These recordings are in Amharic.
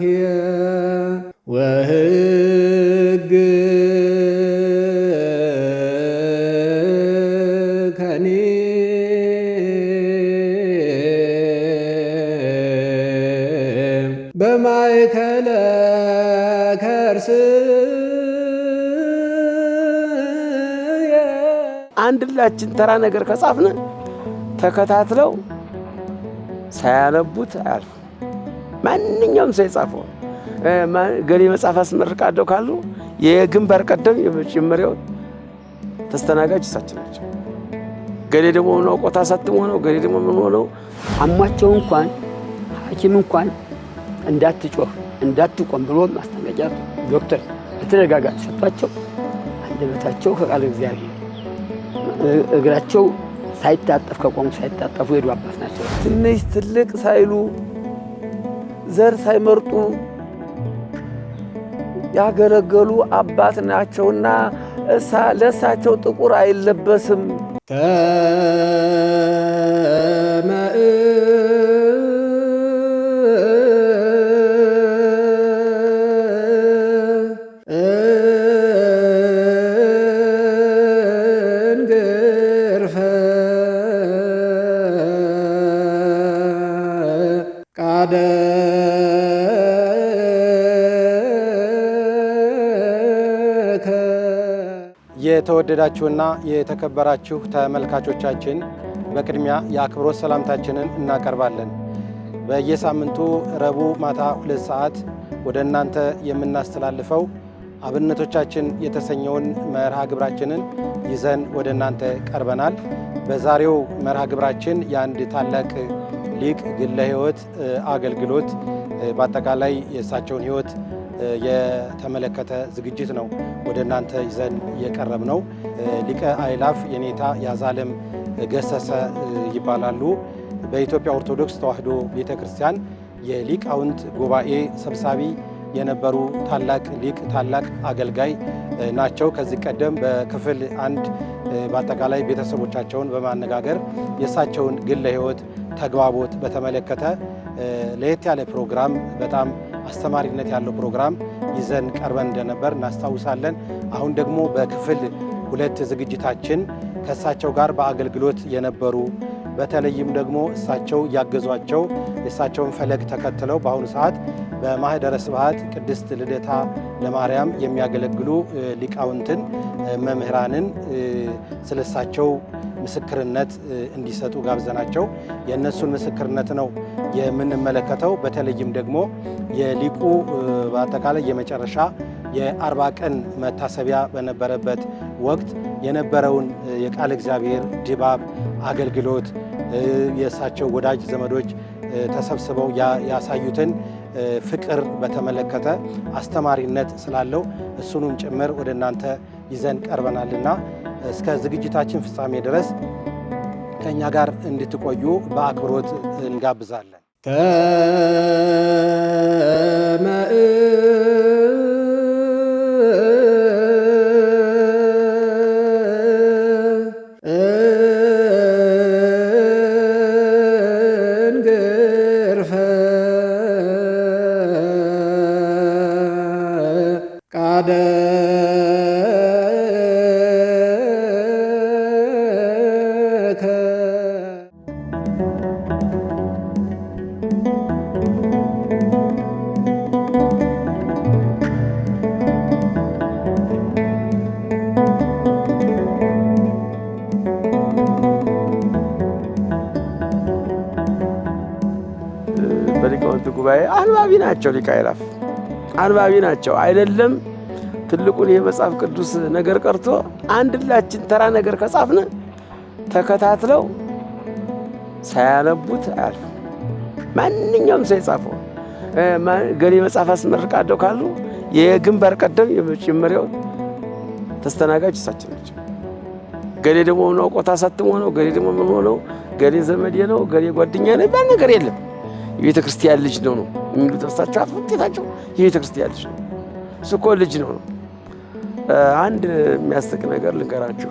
ኃላፊየ ወሕግ ከኒ በማእከለ ከርስ አንድላችን ተራ ነገር ከጻፍን ተከታትለው ሳያነቡት አያልፉ። ማንኛውም ሰው የጻፈው ገሌ መጽሐፍ አስመርቃለሁ ካሉ የግንባር ቀደም የመጀመሪያው ተስተናጋጅ እሳቸው ናቸው። ገሌ ደግሞ ምን ቆታ አሳትሞ ሆነው ገሌ ደግሞ ምን ሆነው አሟቸው እንኳን ሐኪም እንኳን እንዳትጮህ እንዳትቆም ብሎ ማስጠንቀቂያ ዶክተር በተደጋጋ ተሰጥቷቸው አንደበታቸው ከቃል እግዚአብሔር እግራቸው ሳይታጠፍ ከቆሙ ሳይታጠፉ የሄዱ አባት ናቸው። ትንሽ ትልቅ ሳይሉ ዘር ሳይመርጡ ያገለገሉ አባት ናቸውና ለእሳቸው ጥቁር አይለበስም። የተወደዳችሁና የተከበራችሁ ተመልካቾቻችን በቅድሚያ የአክብሮት ሰላምታችንን እናቀርባለን። በየሳምንቱ ረቡዕ ማታ ሁለት ሰዓት ወደ እናንተ የምናስተላልፈው አብነቶቻችን የተሰኘውን መርሃ ግብራችንን ይዘን ወደ እናንተ ቀርበናል። በዛሬው መርሃ ግብራችን የአንድ ታላቅ ሊቅ ግለ ሕይወት አገልግሎት፣ በአጠቃላይ የእሳቸውን ሕይወት የተመለከተ ዝግጅት ነው ወደ እናንተ ይዘን የቀረብ ነው። ሊቀ አይላፍ የኔታ ያዛለም ገሰሰ ይባላሉ። በኢትዮጵያ ኦርቶዶክስ ተዋሕዶ ቤተ ክርስቲያን የሊቃውንት ጉባኤ ሰብሳቢ የነበሩ ታላቅ ሊቅ ታላቅ አገልጋይ ናቸው። ከዚህ ቀደም በክፍል አንድ በአጠቃላይ ቤተሰቦቻቸውን በማነጋገር የእሳቸውን ግለ ሕይወት ተግባቦት በተመለከተ ለየት ያለ ፕሮግራም በጣም አስተማሪነት ያለው ፕሮግራም ይዘን ቀርበን እንደነበር እናስታውሳለን። አሁን ደግሞ በክፍል ሁለት ዝግጅታችን ከእሳቸው ጋር በአገልግሎት የነበሩ በተለይም ደግሞ እሳቸው እያገዟቸው የእሳቸውን ፈለግ ተከትለው በአሁኑ ሰዓት በማህደረ ስብሐት ቅድስት ልደታ ለማርያም የሚያገለግሉ ሊቃውንትን መምህራንን ስለሳቸው ምስክርነት እንዲሰጡ ጋብዘናቸው የእነሱን ምስክርነት ነው የምንመለከተው። በተለይም ደግሞ የሊቁ በአጠቃላይ የመጨረሻ የአርባ ቀን መታሰቢያ በነበረበት ወቅት የነበረውን የቃል እግዚአብሔር ድባብ አገልግሎት የእሳቸው ወዳጅ ዘመዶች ተሰብስበው ያሳዩትን ፍቅር በተመለከተ አስተማሪነት ስላለው እሱንም ጭምር ወደ እናንተ ይዘን ቀርበናልና እስከ ዝግጅታችን ፍጻሜ ድረስ ከእኛ ጋር እንድትቆዩ በአክብሮት እንጋብዛለን። ቃደ ናቸው ሊቀ አእላፍ፣ አንባቢ ናቸው። አይደለም ትልቁን የመጽሐፍ ቅዱስ ነገር ቀርቶ አንድላችን ተራ ነገር ከጻፍነ ተከታትለው ሳያነቡት አያልፍም። ማንኛውም ሰው የጻፈው ገሌ መጽሐፍ አስመርቃለሁ ካሉ የግንባር ቀደም የመጀመሪያው ተስተናጋጅ እሳቸው ናቸው። ገሌ ደግሞ ምን አውቆት አሳትሞ ነው፣ ገሌ ደግሞ ምን ሆነው፣ ገሌ ዘመዴ ነው፣ ገሌ ጓደኛ ነው ይባል ነገር የለም። የቤተ ክርስቲያን ልጅ ነው ነው የሚሉት እርሳቸው ውጤታቸው የቤተ ክርስቲያን ልጅ ነው። እሱ እኮ ልጅ ነው ነው። አንድ የሚያስቅ ነገር ልንገራችሁ፣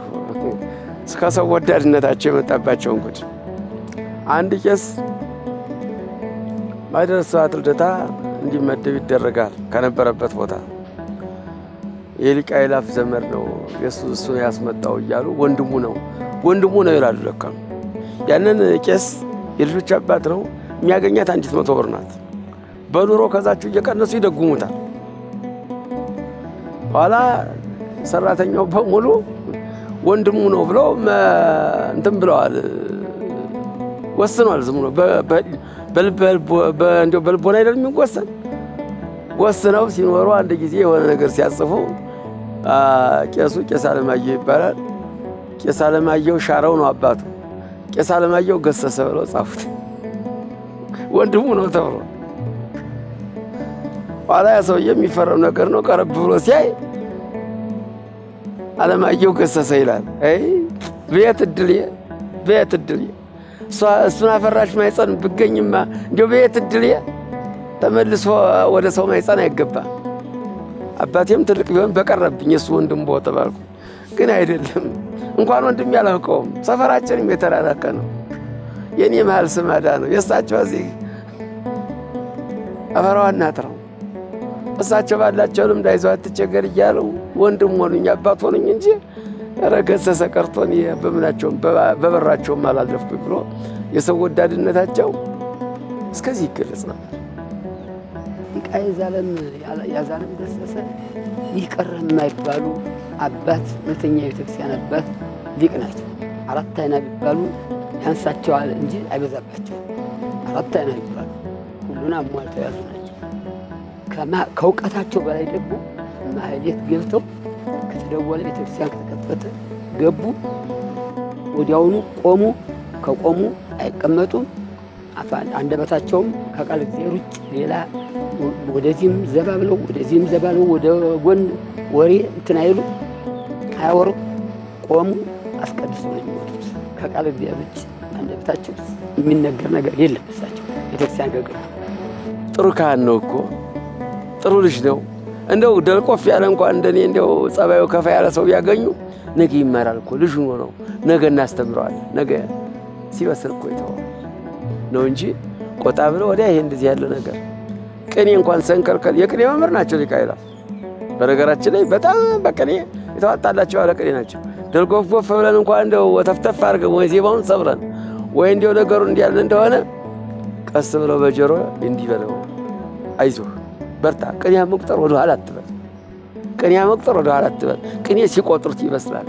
እስከ ሰው ወዳድነታቸው የመጣባቸውን ጉድ። አንድ ቄስ በደረሰ ሰዓት ልደታ እንዲመደብ ይደረጋል ከነበረበት ቦታ የሊቀ አእላፍ ዘመድ ነው የሱ እሱ ያስመጣው እያሉ ወንድሙ ነው ወንድሙ ነው ይላሉ። ለካ ያንን ቄስ የልጆች አባት ነው የሚያገኛት አንዲት መቶ ብር ናት። በኑሮ ከዛችሁ እየቀነሱ ይደጉሙታል። ኋላ ሰራተኛው በሙሉ ወንድሙ ነው ብለው እንትን ብለዋል፣ ወስኗል። ዝም ብሎ በልቦና አይደለም የሚወሰን። ወስነው ሲኖሩ አንድ ጊዜ የሆነ ነገር ሲያጽፉ ቄሱ ቄስ አለማየሁ ይባላል። ቄስ አለማየሁ ሻረው ነው አባቱ። ቄስ አለማየሁ ገሰሰ ብለው ጻፉት። ወንድሙ ነው ተብሎ ኋላ ያ ሰውዬ የሚፈረም ነገር ነው። ቀረብ ብሎ ሲያይ አለማየሁ ገሰሰ ይላል። አይ ቤት እድል ቤት እድል እሱን አፈራሽ ማይፀን ብገኝማ እንዲሁ ቤት እድል ተመልሶ ወደ ሰው ማይፀን አይገባ። አባቴም ትልቅ ቢሆን በቀረብኝ እሱ ወንድም ቦ ተባልኩ። ግን አይደለም እንኳን ወንድም ያላውቀውም ሰፈራችንም የተራራቀ ነው። የኔ መሀል ስማዳ ነው። የእሳቸው እዚህ አፈራዋ እናትረው እሳቸው ባላቸው ባላቸውንም እንዳይዘው አትቸገር እያሉ ወንድም ሆኑኝ አባት ሆኑኝ እንጂ ረገሰሰ ቀርቶን በምናቸውም በበራቸውም አላለፍኩ ብሎ የሰው ወዳድነታቸው እስከዚህ ይገለጽ ነበር። ቃ የዛለም ያዛለም ገሰሰ ይህ ቀረ የማይባሉ አባት እውነተኛ ቤተክርስቲያን አባት ሊቅ ናቸው። አራት አይና ቢባሉ ያንሳቸዋል እንጂ አይበዛባቸው። አራት አይና ይባሉ ሁሉን አሟልተው ያዙ ናቸው። ከእውቀታቸው በላይ ደግሞ ማህሌት ገብተው ከተደወለ ቤተክርስቲያን ከተከፈተ ገቡ። ወዲያውኑ ቆሙ። ከቆሙ አይቀመጡም። አንደበታቸውም ከቃል እግዚአብሔር ውጭ ሌላ ወደዚህም ዘባ ብለው ወደዚህም ዘባ ብለው ወደ ጎን ወሬ እንትን አይሉ አያወሩ። ቆሙ። አስቀድሶ ነው የሚወጡት ከቃል እግዚአብሔር ውጭ መብታችን የሚነገር ነገር የለም። እሳቸው ቤተክርስቲያን ገገ ጥሩ ካህን ነው እኮ ጥሩ ልጅ ነው። እንደው ደልቆፍ ያለ እንኳ እንደኔ እንደው ጸባዩ ከፋ ያለ ሰው ቢያገኙ ነገ ይመራል እኮ ልጅ ሆኖ ነው ነገ እናስተምረዋል። ነገ ሲበስል እኮ ይተዋል ነው እንጂ ቆጣ ብለ ወዲያ ይሄ እንደዚህ ያለ ነገር ቅኔ እንኳን ሰንከርከል የቅኔ መምህር ናቸው ሊቃይላ በነገራችን ላይ በጣም በቅኔ የተዋጣላቸው ያለ ቅኔ ናቸው። ደልጎፍ ጎፍ ብለን እንኳን እንደው ወተፍተፍ አድርገን ወይ ዜማውን ሰብረን ወይ እንዲው ነገሩ እንዲያለ እንደሆነ ቀስ ብለው በጆሮ እንዲህ በለው፣ አይዞህ በርታ፣ ቅኔያ መቁጠር ወደ ኋላ አትበል፣ ቅኔያ መቁጠር ወደ ኋላ አትበል። ቅኔ ሲቆጥሩት ይመስላል።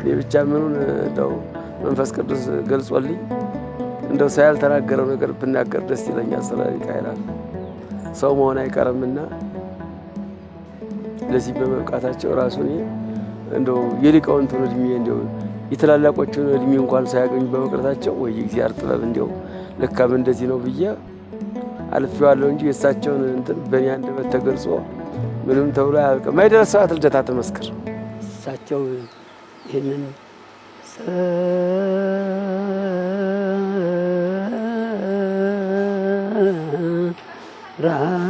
እኔ ብቻ ምኑን እንደው መንፈስ ቅዱስ ገልጾልኝ እንደው ሰው ያልተናገረው ነገር ብናገር ደስ ይለኛል። ስለ ሚካኤል ሰው መሆን አይቀርምና ለዚህ በመብቃታቸው ራሱን እንደው የሊቃውንቱን ዕድሜ እንደው የተላላቆቹን እድሜ እንኳን ሳያገኙ በመቅረታቸው ወይ እግዚአብሔር ጥበብ እንዲያው ልካም እንደዚህ ነው ብዬ አልፌዋለሁ እንጂ የእሳቸውን እንትን በእኔ አንደበት ተገልጾ ምንም ተብሎ አያልቅም። ማይደረስ ሰዓት ልደታ ተመስክር እሳቸው ይህንን ራለነ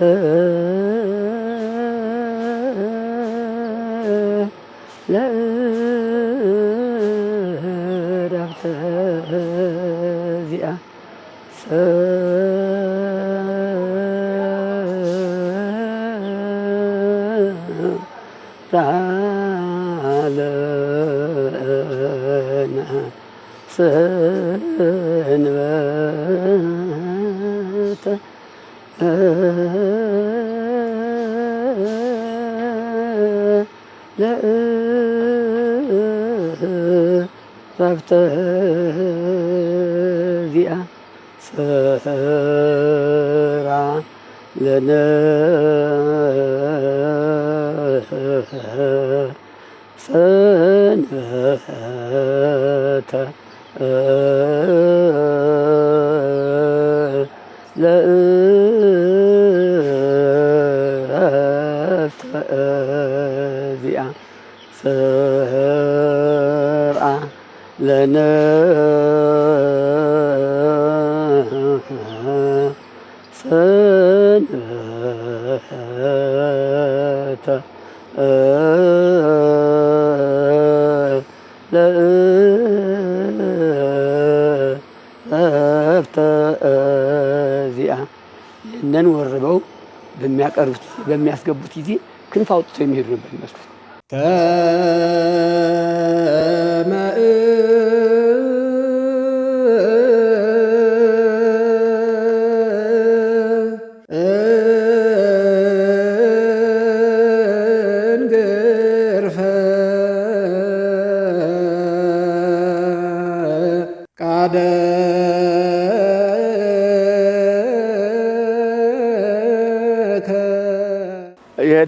Uh... ጽራ ጽንፈተ ለእፍተ እዚኣ ጽርአ ለነ ለእፍተ ዚአ ይህንን ወርበው በሚያቀርቡት በሚያስገቡት ጊዜ ክንፍ አውጥተው የሚሄዱ ነበር ይመስሉት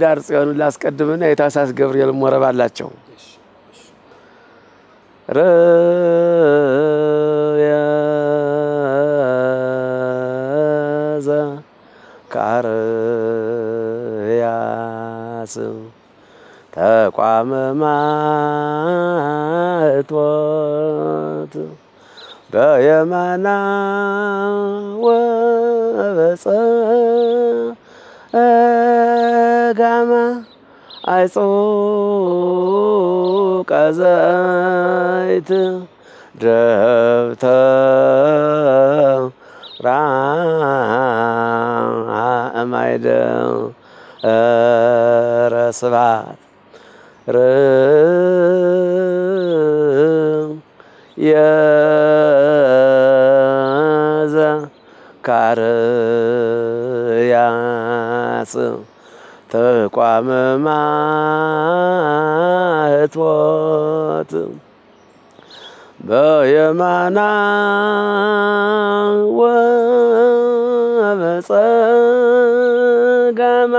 ኅዳር ጽዮንን ላስቀድምና የታሳስ ገብርኤል ሞረባላቸው አላቸው። ረያዘ ከአርያስ ተቋመማ ማይጹ ቀዘይት ደብተራ የዘካርያስ ተቋመ ማኅቶት በየማና ወበጸጋማ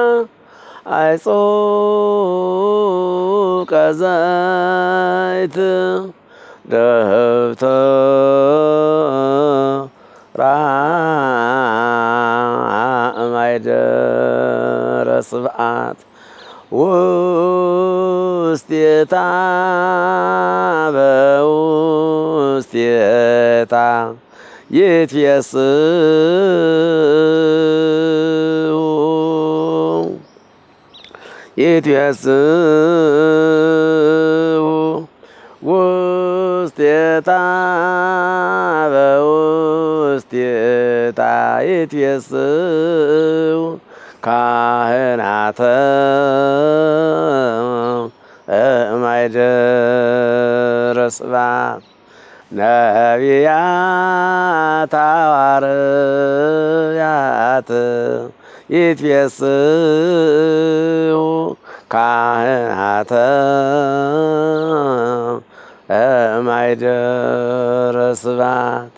አይጾቀ ስብዓት ውስቴታ በውስቴታ ይትየስሁ ይትየስሁ ውስቴታ በውስቴታ ይትየስሁ ካህናተ እማይደረ ጽባሕ ነቢያት ሐዋርያት ይትቤጽሑ ካህናተ እማይደረ ስብሐት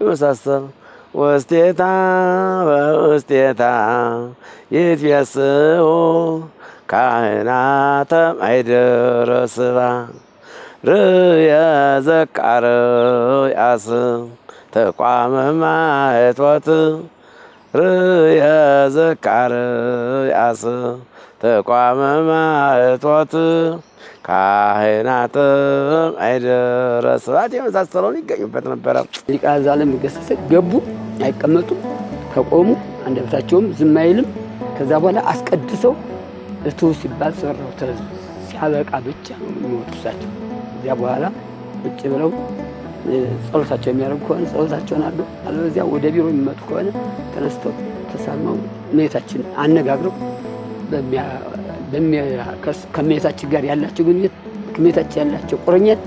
ይመሳሰሉ ውስቴታ በውስቴታ ይትፌስሑ ካህናተ ማይደረ ስባ ርእየ ዘቃርያስ ተቋመ ማኅትወት ርእየ ዘቃርያስ ተቋመ ማኅትወት ካህናትም አይደረስባት የመሳሰለውን ይገኙበት ነበረ። ሊቃነ ዘላለም ገሰሰ ገቡ፣ አይቀመጡም፣ ከቆሙ አንደበታቸውም ዝም አይልም። ከዛ በኋላ አስቀድሰው እቱ ሲባል ሰራው ተዝ ሲያበቃ ብቻ ነው የሚወጡ እሳቸው። እዚያ በኋላ ቁጭ ብለው ጸሎታቸው የሚያደርጉ ከሆነ ጸሎታቸውን አሉ፣ አለበዚያ ወደ ቢሮ የሚመጡ ከሆነ ተነስተው ተሳልመው ሁኔታችን አነጋግረው ከእመቤታችን ጋር ያላቸው ግንኙነት ከእመቤታችን ያላቸው ቁርኝት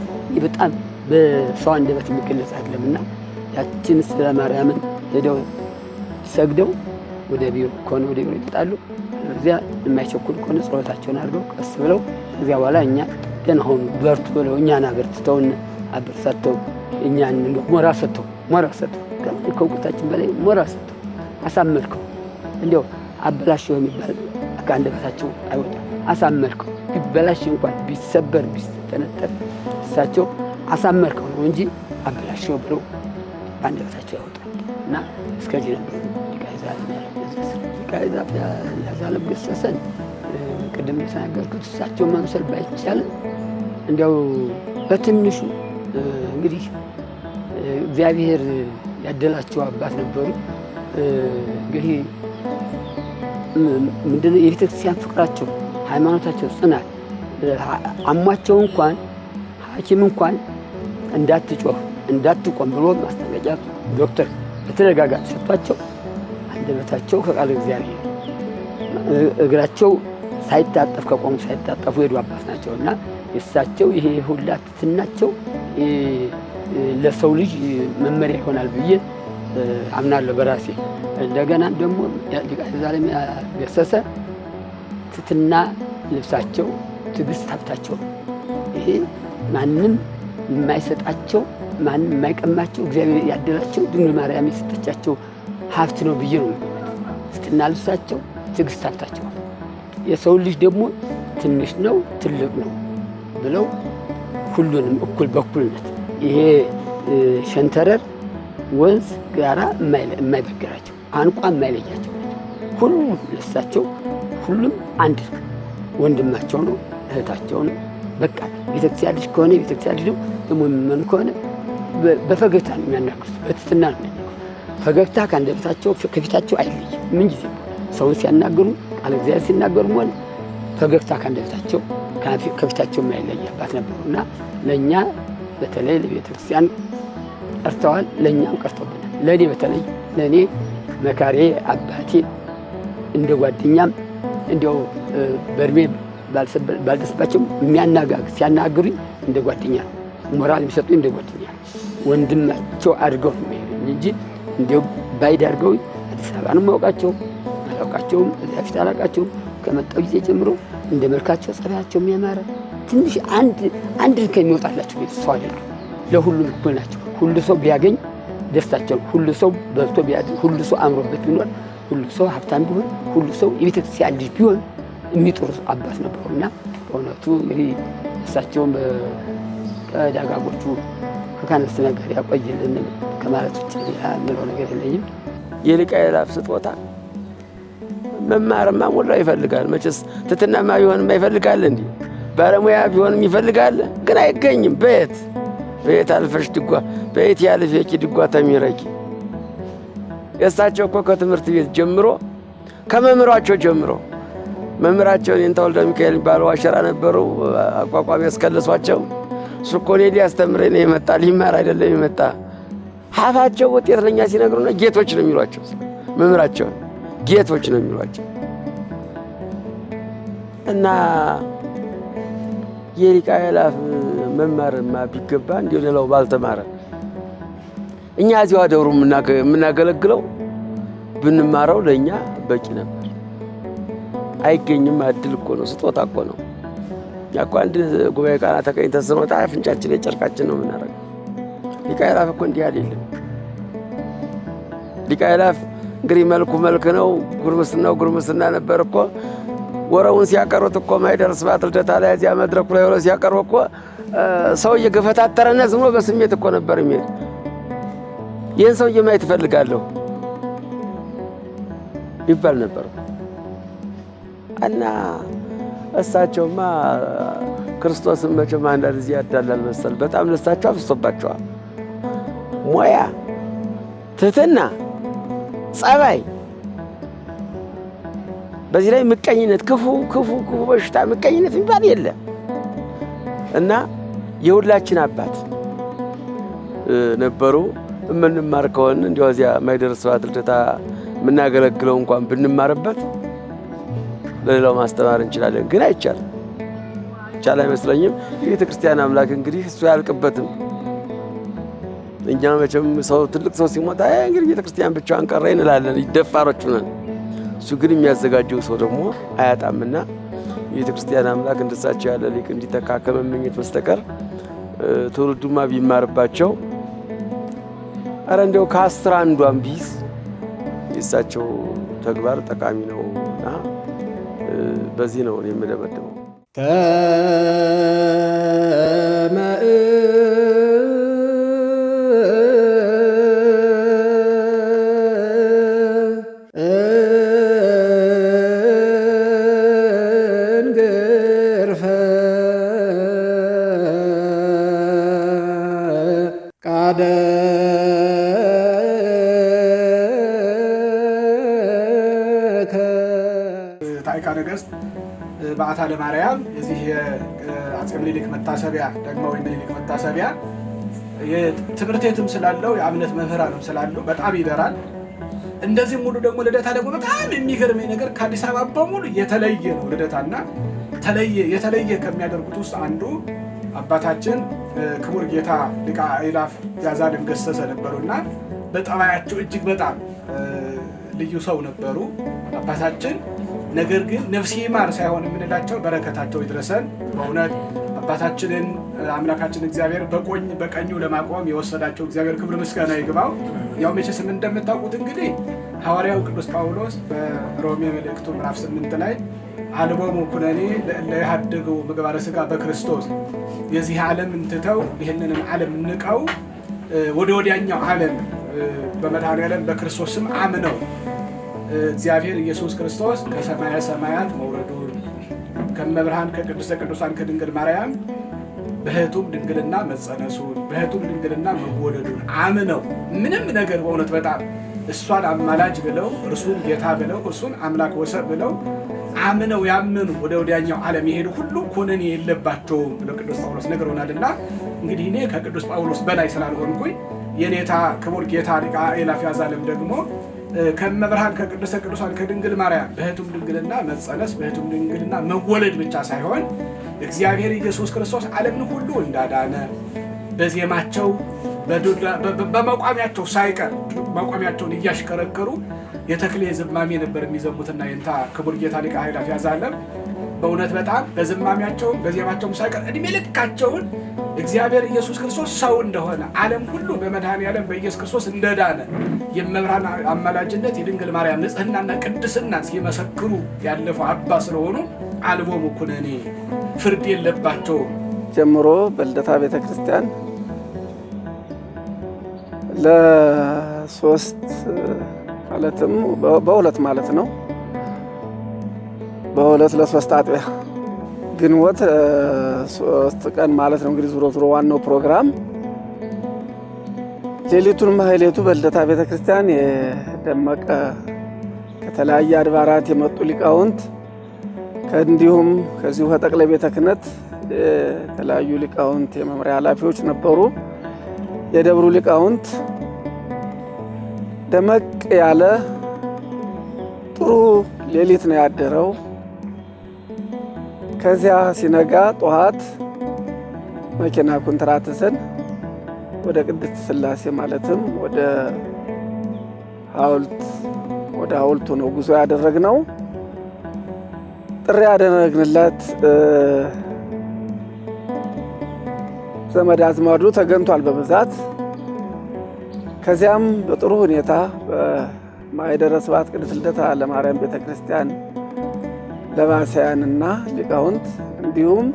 በጣም በሰው አንደበት የሚገለጽ አይደለም እና ያችን ስለ ማርያምን ሄደው ሰግደው ወደ ቢሮ ከሆነ ወደ ቢሮ ይመጣሉ። እዚያ የማይቸኩል ከሆነ ጸሎታቸውን አድርገው ቀስ ብለው ከዚያ በኋላ እኛ ደህና ሆኑ በርቱ ብለው እኛን አበርትተውን አበርሳተው እኛን ሞራ ሰጥተው ሞራ ሰጥተው ከእውቀታችን በላይ ሞራ ሰጥተው አሳመልከው እንዲያው አበላሽ የሚባል ከአንደበታቸው አይወጣም። አሳመርከው ቢበላሽ እንኳን ቢሰበር ቢተነጠር እሳቸው አሳመርከው ነው እንጂ አበላሸው ብሎ አንደበታቸው አይወጣም እና እስከዚህ ነበር ዛለም ገሰሰን ቅድም የተናገርኩት እሳቸው መምሰል ባይቻልም እንዲያው በትንሹ እንግዲህ እግዚአብሔር ያደላቸው አባት ነበሩ እንግዲህ ምንድነው የቤተክርስቲያን ፍቅራቸው፣ ሃይማኖታቸው ጽናት አሟቸው እንኳን ሐኪም እንኳን እንዳትጮህ እንዳትቆም ብሎ ማስጠንቀቂያ ዶክተር በተደጋጋሚ ሰጥቷቸው አንደበታቸው ከቃል እግዚአብሔር እግራቸው ሳይታጠፍ ከቆሙ ሳይታጠፉ የሄዱ አባት ናቸው እና እሳቸው ይሄ ሁላ ትትናቸው ለሰው ልጅ መመሪያ ይሆናል ብዬ አምናለሁ በራሴ። እንደገና ደግሞ ዛሬም ገሰሰ ትትና ልብሳቸው፣ ትዕግስት ሀብታቸው ይሄ ማንም የማይሰጣቸው ማንም የማይቀማቸው እግዚአብሔር ያደላቸው ድንግል ማርያም የሰጠቻቸው ሀብት ነው ብዬ ነው። ትትና ልብሳቸው፣ ትዕግስት ሀብታቸው የሰው ልጅ ደግሞ ትንሽ ነው ትልቅ ነው ብለው ሁሉንም እኩል በኩልነት ይሄ ሸንተረር ወንዝ ጋራ የማይበግራቸው አንቋ የማይለያቸው ሁሉም ለሳቸው ሁሉም አንድ ወንድማቸው ነው፣ እህታቸው ነው። በቃ ቤተክርስቲያን ልጅ ከሆነ ቤተክርስቲያን ልጅ ነው። ደግሞ የሚመኑ ከሆነ በፈገግታ ነው የሚያናግሩት፣ በትትና ነው የሚያናግሩት። ፈገግታ ከአንደበታቸው ከፊታቸው አይለይም። ምን ጊዜ ሰውን ሲያናገሩ ቃለ እግዚአብሔር ሲናገሩ ሆነ ፈገግታ ከአንደበታቸው ከፊታቸው የማይለይ አባት ነበሩ እና ለእኛ በተለይ ለቤተክርስቲያን ቀርተዋል፣ ለእኛም ቀርቶብናል። ለእኔ በተለይ ለእኔ መካሬ አባቴ እንደ ጓደኛም እንዲያው በእድሜ ባልደርስባቸው የሚያናጋግ ሲያናግሩኝ እንደ ጓደኛ ሞራል የሚሰጡኝ እንደ ጓደኛ ወንድማቸው አድርገው እንጂ እንዲያው ባይድ አድርገው አዲስ አበባ ነው የማውቃቸው። አላውቃቸውም፣ እዚያ ፊት አላውቃቸውም። ከመጣው ጊዜ ጀምሮ እንደ መልካቸው ጸባያቸው የሚያማረ ትንሽ አንድ አንድ ከሚወጣላቸው ቤት ሰው አይደሉም። ለሁሉም እኩል ናቸው። ሁሉ ሰው ቢያገኝ ደስታቸው፣ ሁሉ ሰው በልቶ ቢያድ፣ ሁሉ ሰው አምሮበት ቢኖር፣ ሁሉ ሰው ሀብታም ቢሆን፣ ሁሉ ሰው የቤተክርስቲያን ልጅ ቢሆን የሚጥሩ አባት ነበሩ እና በእውነቱ እንግዲህ እሳቸውን ከዳጋጎቹ ከካነስ ነገር ያቆይልን ከማለት ውጭ ሌላ ምለው ነገር የለኝም። የሊቀ አእላፍ ስጦታ መማርማ ሞላ ይፈልጋል። መቼስ ትትናማ ቢሆንማ ይፈልጋል። እንዲህ ባለሙያ ቢሆንም ይፈልጋል፣ ግን አይገኝም በየት በየት አልፈሽ ድጓ በየት ያልፌኪ ድጓ ተሚረኪ። የእሳቸው እኮ ከትምህርት ቤት ጀምሮ ከመምህሯቸው ጀምሮ መምህራቸውን እኔን ተወልደ ሚካኤል የሚባሉ አሸራ ነበሩ። አቋቋሚ ያስከለሷቸው እሱ እኮ እኔ ሊያስተምረኝ ነው የመጣ ሊማር አይደለም የመጣ ሀፋቸው ውጤት ለእኛ ሲነግሩና ጌቶች ነው የሚሏቸው መምህራቸውን ጌቶች ነው የሚሏቸው እና የሊቃ መማር ቢገባ እንዲሁ ሌላው ባልተማረ እኛ እዚሁ አደሩ የምናገለግለው ብንማረው ለእኛ በቂ ነበር። አይገኝም። እድል እኮ ነው፣ ስጦታ እኮ ነው። እኛ እኮ አንድ ጉባኤ ቃና ተቀኝተን ስንወጣ አፍንጫችን ላይ ጨርቃችን ነው የምናደርገው። ሊቀ አእላፍ እኮ እንዲህ አይደለም። ሊቀ አእላፍ እንግዲህ መልኩ መልክ ነው፣ ጉርምስናው ጉርምስና ነበር እኮ ወረውን ሲያቀሩት እኮ ማይደርስ ስብሐት ልደታ ላይ እዚያ መድረኩ ላይ ወረ ሲያቀርብ እኮ ሰው እየገፈታተረና ዝም ብሎ በስሜት እኮ ነበር የሚሄድ። ይህን ሰውዬ ማየት እፈልጋለሁ ይባል ነበር እና እሳቸውማ ክርስቶስን መቼም አንዳንድ ጊዜ ያዳላል መሰል በጣም ለሳቸው አፍስቶባቸዋል። ሞያ፣ ትህትና፣ ጸባይ በዚህ ላይ ምቀኝነት ክፉ ክፉ ክፉ በሽታ ምቀኝነት የሚባል የለም እና የሁላችን አባት ነበሩ። የምንማር ከሆን እንዲ እዚያ ማይደርስ ሰባት ልደታ የምናገለግለው እንኳን ብንማርበት ለሌላው ማስተማር እንችላለን፣ ግን አይቻልም ይቻል አይመስለኝም። የቤተ ክርስቲያን አምላክ እንግዲህ እሱ አያልቅበትም። እኛ መቼም ሰው ትልቅ ሰው ሲሞታ እንግዲህ ቤተ ክርስቲያን ብቻዋን ቀረ እንላለን፣ ይደፋሮች ነን። እሱ ግን የሚያዘጋጀው ሰው ደግሞ አያጣምና የቤተ ክርስቲያን አምላክ እንደሳቸው ያለ ሊቅ እንዲተካ ከመመኘት በስተቀር ትውልዱማ ቢማርባቸው አረ እንደው ከአስር አንዷን ቢይዝ የእሳቸው ተግባር ጠቃሚ ነው እና በዚህ ነው የምደመድመው። በዓታ ለማርያም የዚህ የአፄ ምኒልክ መታሰቢያ ደግማዊ ምኒልክ መታሰቢያ ትምህርት ቤትም ስላለው የአብነት መምህራንም ስላለው በጣም ይደራል። እንደዚህም ሙሉ ደግሞ ልደታ ደግሞ በጣም የሚገርመኝ ነገር ከአዲስ አበባ በሙሉ የተለየ ነው። ልደታና ተለየ የተለየ ከሚያደርጉት ውስጥ አንዱ አባታችን ክቡር ጌታ ሊቀ አእላፍ ያዛንም ገሰሰ ነበሩና በጠባያቸው እጅግ በጣም ልዩ ሰው ነበሩ አባታችን ነገር ግን ነፍሴ ማር ሳይሆን የምንላቸው በረከታቸው ይድረሰን። በእውነት አባታችንን አምላካችን እግዚአብሔር በቆኝ በቀኙ ለማቆም የወሰዳቸው እግዚአብሔር ክብር ምስጋና ይግባው። ያው መቼስ እንደምታውቁት እንግዲህ ሐዋርያው ቅዱስ ጳውሎስ በሮሜ መልእክቱ ምዕራፍ ስምንት ላይ አልቦሙ ኩነኔ ለእለ ምግባረ ስጋ በክርስቶስ የዚህ ዓለም እንትተው ይህንንም ዓለም ንቀው ወደ ወዲያኛው ዓለም በመድኃኔዓለም በክርስቶስም አምነው እግዚአብሔር ኢየሱስ ክርስቶስ ከሰማያ ሰማያት መውረዱን ከመብርሃን ከቅድስተ ቅዱሳን ከድንግል ማርያም በህቱም ድንግልና መጸነሱን በህቱም ድንግልና መወለዱን አምነው ምንም ነገር በእውነት በጣም እሷን አማላጅ ብለው እርሱን ጌታ ብለው እርሱን አምላክ ወሰብ ብለው አምነው ያምኑ ወደ ወዲያኛው ዓለም የሄዱ ሁሉ ኮነኔ የለባቸውም ብሎ ቅዱስ ጳውሎስ ነግሮናልና እንግዲህ እኔ ከቅዱስ ጳውሎስ በላይ ስላልሆንኩኝ የኔታ ክቡር ጌታ ሊቃ አእላፍ ደግሞ ከመብርሃን ከቅድስተ ቅዱሳን ከድንግል ማርያም በህቱም ድንግልና መጸነስ በህቱም ድንግልና መወለድ ብቻ ሳይሆን እግዚአብሔር ኢየሱስ ክርስቶስ ዓለምን ሁሉ እንዳዳነ በዜማቸው በመቋሚያቸው ሳይቀር መቋሚያቸውን እያሽከረከሩ የተክሌ ዝማሜ ነበር የሚዘሙትና የንታ ክቡር ጌታ ሊቀ ኃይላት ያዛለም በእውነት በጣም በዝማሚያቸውም በዜማቸውም ሳይቀር እድሜ ልካቸውን እግዚአብሔር ኢየሱስ ክርስቶስ ሰው እንደሆነ ዓለም ሁሉ በመድኃኔ ዓለም በኢየሱስ ክርስቶስ እንደዳነ የመብራን አማላጅነት የድንግል ማርያም ንጽህናና ቅድስና ሲመሰክሩ ያለፉ አባ ስለሆኑ አልቦ ምኩነኔ ፍርድ የለባቸውም ጀምሮ በልደታ ቤተ ክርስቲያን ለሶስት ማለትም በሁለት ማለት ነው በሁለት ለሶስት አጥቢያ ግንቦት ሶስት ቀን ማለት ነው። እንግዲህ ዞሮ ዞሮ ዋናው ፕሮግራም ሌሊቱን ማህሌቱ በልደታ ቤተ ክርስቲያን የደመቀ ከተለያየ አድባራት የመጡ ሊቃውንት እንዲሁም ከዚሁ ከጠቅላይ ቤተ ክህነት የተለያዩ ሊቃውንት የመምሪያ ኃላፊዎች ነበሩ። የደብሩ ሊቃውንት ደመቅ ያለ ጥሩ ሌሊት ነው ያደረው። ከዚያ ሲነጋ ጠዋት መኪና ኩንትራትስን ወደ ቅድስት ስላሴ ማለትም ወደ ሐውልት ወደ ሐውልቱ ነው ጉዞ ያደረግነው። ጥሪ ያደረግንለት ዘመድ አዝማዱ ተገኝቷል በብዛት። ከዚያም በጥሩ ሁኔታ ማኅደረ ስብሐት ቅድስት ልደታ ለማርያም ቤተክርስቲያን ደባሳያንና ሊቃውንት እንዲሁም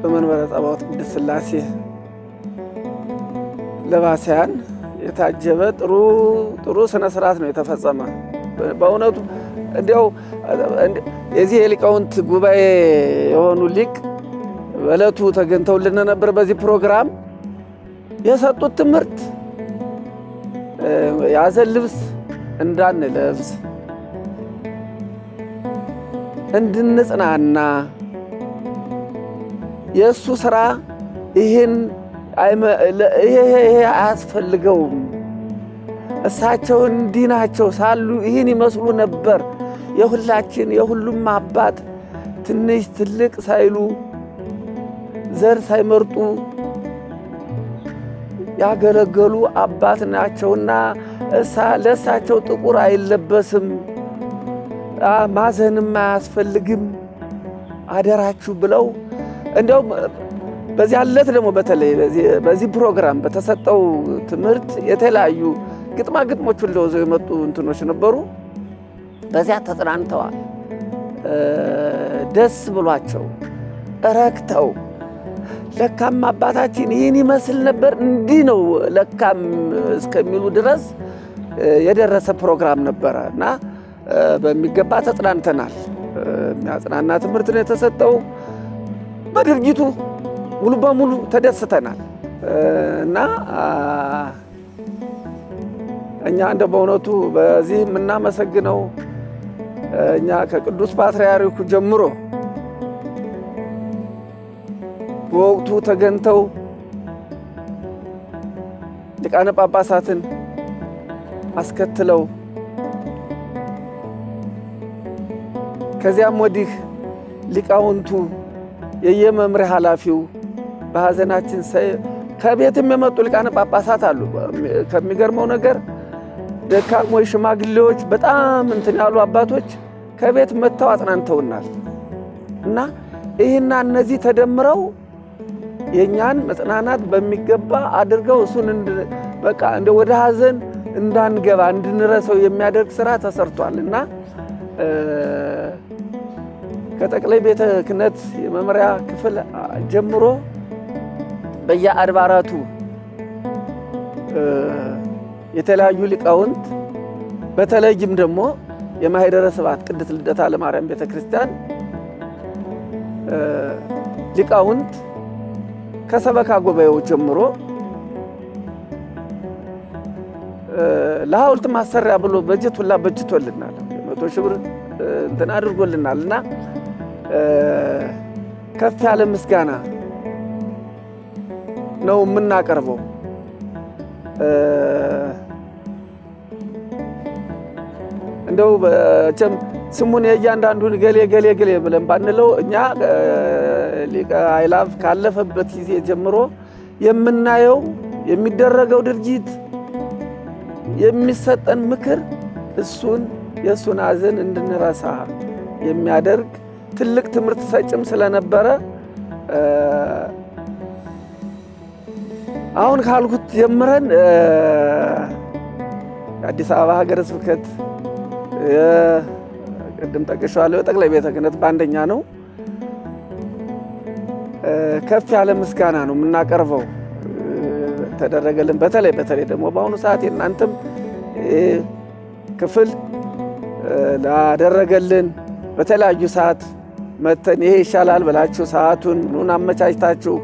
በመንበረ ጸባዖት ቅድስት ሥላሴ ለባሳያን የታጀበ ጥሩ ጥሩ ስነ ስርዓት ነው የተፈጸመ። በእውነቱ እንዲያው የዚህ የሊቃውንት ጉባኤ የሆኑ ሊቅ በዕለቱ ተገኝተውልን ነበር። በዚህ ፕሮግራም የሰጡት ትምህርት የሐዘን ልብስ እንዳንለብስ እንድንጽናና የእሱ ሥራ ይህን ይሄ አያስፈልገውም። እሳቸው እንዲህ ናቸው ሳሉ ይህን ይመስሉ ነበር። የሁላችን የሁሉም አባት ትንሽ ትልቅ ሳይሉ ዘር ሳይመርጡ ያገለገሉ አባት ናቸውና ለእሳቸው ጥቁር አይለበስም። ማዘንም አያስፈልግም አደራችሁ ብለው እንዲያውም በዚህ አለት ደግሞ በተለይ በዚህ ፕሮግራም በተሰጠው ትምህርት የተለያዩ ግጥማ ግጥሞች ሁሉ የመጡ እንትኖች ነበሩ። በዚያ ተጽናንተዋል። ደስ ብሏቸው እረክተው ለካም አባታችን ይህን ይመስል ነበር እንዲህ ነው ለካም እስከሚሉ ድረስ የደረሰ ፕሮግራም ነበረ እና በሚገባ ተጽናንተናል። የሚያጽናና ትምህርት ነው የተሰጠው። በድርጊቱ ሙሉ በሙሉ ተደስተናል እና እኛ እንደ በእውነቱ በዚህ የምናመሰግነው እኛ ከቅዱስ ፓትርያርኩ ጀምሮ በወቅቱ ተገኝተው ሊቃነ ጳጳሳትን አስከትለው ከዚያም ወዲህ ሊቃውንቱ የየመምሪያ ኃላፊው በሐዘናችን ከቤትም የመጡ ሊቃነ ጳጳሳት አሉ። ከሚገርመው ነገር ደካሞች፣ ሽማግሌዎች፣ በጣም እንትን ያሉ አባቶች ከቤት መጥተው አጽናንተውናል እና ይህና እነዚህ ተደምረው የእኛን መጽናናት በሚገባ አድርገው እሱን በቃ ወደ ሐዘን እንዳንገባ እንድንረሰው የሚያደርግ ስራ ተሰርቷል እና ከጠቅላይ ቤተ ክህነት የመምሪያ ክፍል ጀምሮ በየአድባራቱ የተለያዩ ሊቃውንት በተለይም ደግሞ የማኅደረ ስብሐት ቅድስት ልደታ ለማርያም ቤተ ክርስቲያን ሊቃውንት ከሰበካ ጉባኤው ጀምሮ ለሐውልት ማሰሪያ ብሎ በጀት ሁላ በጅቶልናል። መቶ ሺህ ብር እንትን አድርጎልናል እና ከፍ ያለ ምስጋና ነው የምናቀርበው። እንደው በቸም ስሙን የእያንዳንዱን ገሌ ገሌ ገሌ ብለን ባንለው እኛ ሊቀ አእላፍ ካለፈበት ጊዜ ጀምሮ የምናየው የሚደረገው ድርጊት የሚሰጠን ምክር እሱን የእሱን ሐዘን እንድንረሳ የሚያደርግ ትልቅ ትምህርት ሰጭም ስለነበረ አሁን ካልኩት ጀምረን የአዲስ አበባ ሀገረ ስብከት ቅድም ጠቅሻለሁ፣ ጠቅላይ ቤተ ክህነት በአንደኛ ነው። ከፍ ያለ ምስጋና ነው የምናቀርበው ተደረገልን። በተለይ በተለይ ደግሞ በአሁኑ ሰዓት የእናንተም ክፍል ላደረገልን በተለያዩ ሰዓት መተን ይሄ ይሻላል ብላችሁ ሰዓቱን ኑን አመቻችታችሁ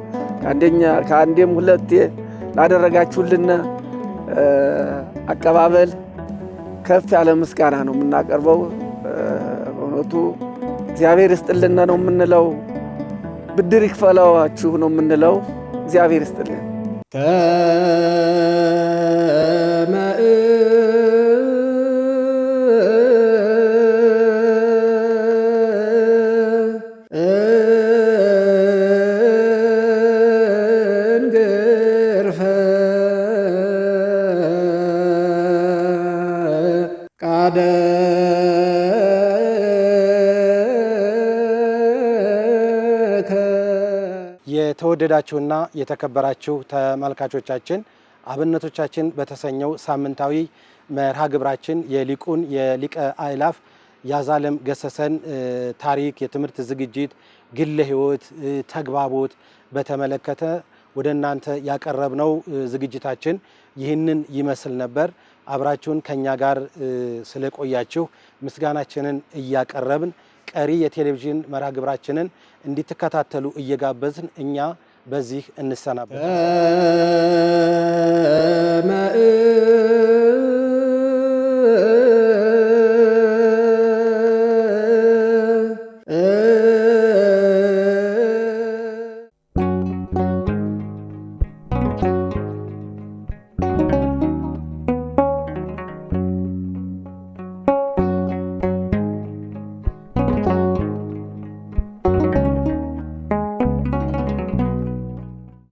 ከአንደኛ ከአንዴም ሁለቴ ላደረጋችሁልን አቀባበል ከፍ ያለ ምስጋና ነው የምናቀርበው። በእውነቱ እግዚአብሔር ይስጥልን ነው የምንለው። ብድር ይክፈላችሁ ነው የምንለው። እግዚአብሔር ይስጥልን። የተወደዳችሁና የተከበራችሁ ተመልካቾቻችን አብነቶቻችን በተሰኘው ሳምንታዊ መርሃ ግብራችን የሊቁን የሊቀ አእላፍ ያዛለም ገሰሰን ታሪክ፣ የትምህርት ዝግጅት፣ ግለ ህይወት ተግባቦት በተመለከተ ወደ እናንተ ያቀረብነው ዝግጅታችን ይህንን ይመስል ነበር። አብራችሁን ከኛ ጋር ስለቆያችሁ ምስጋናችንን እያቀረብን ቀሪ የቴሌቪዥን መርሃ ግብራችንን እንዲትከታተሉ እየጋበዝን እኛ በዚህ እንሰናበት።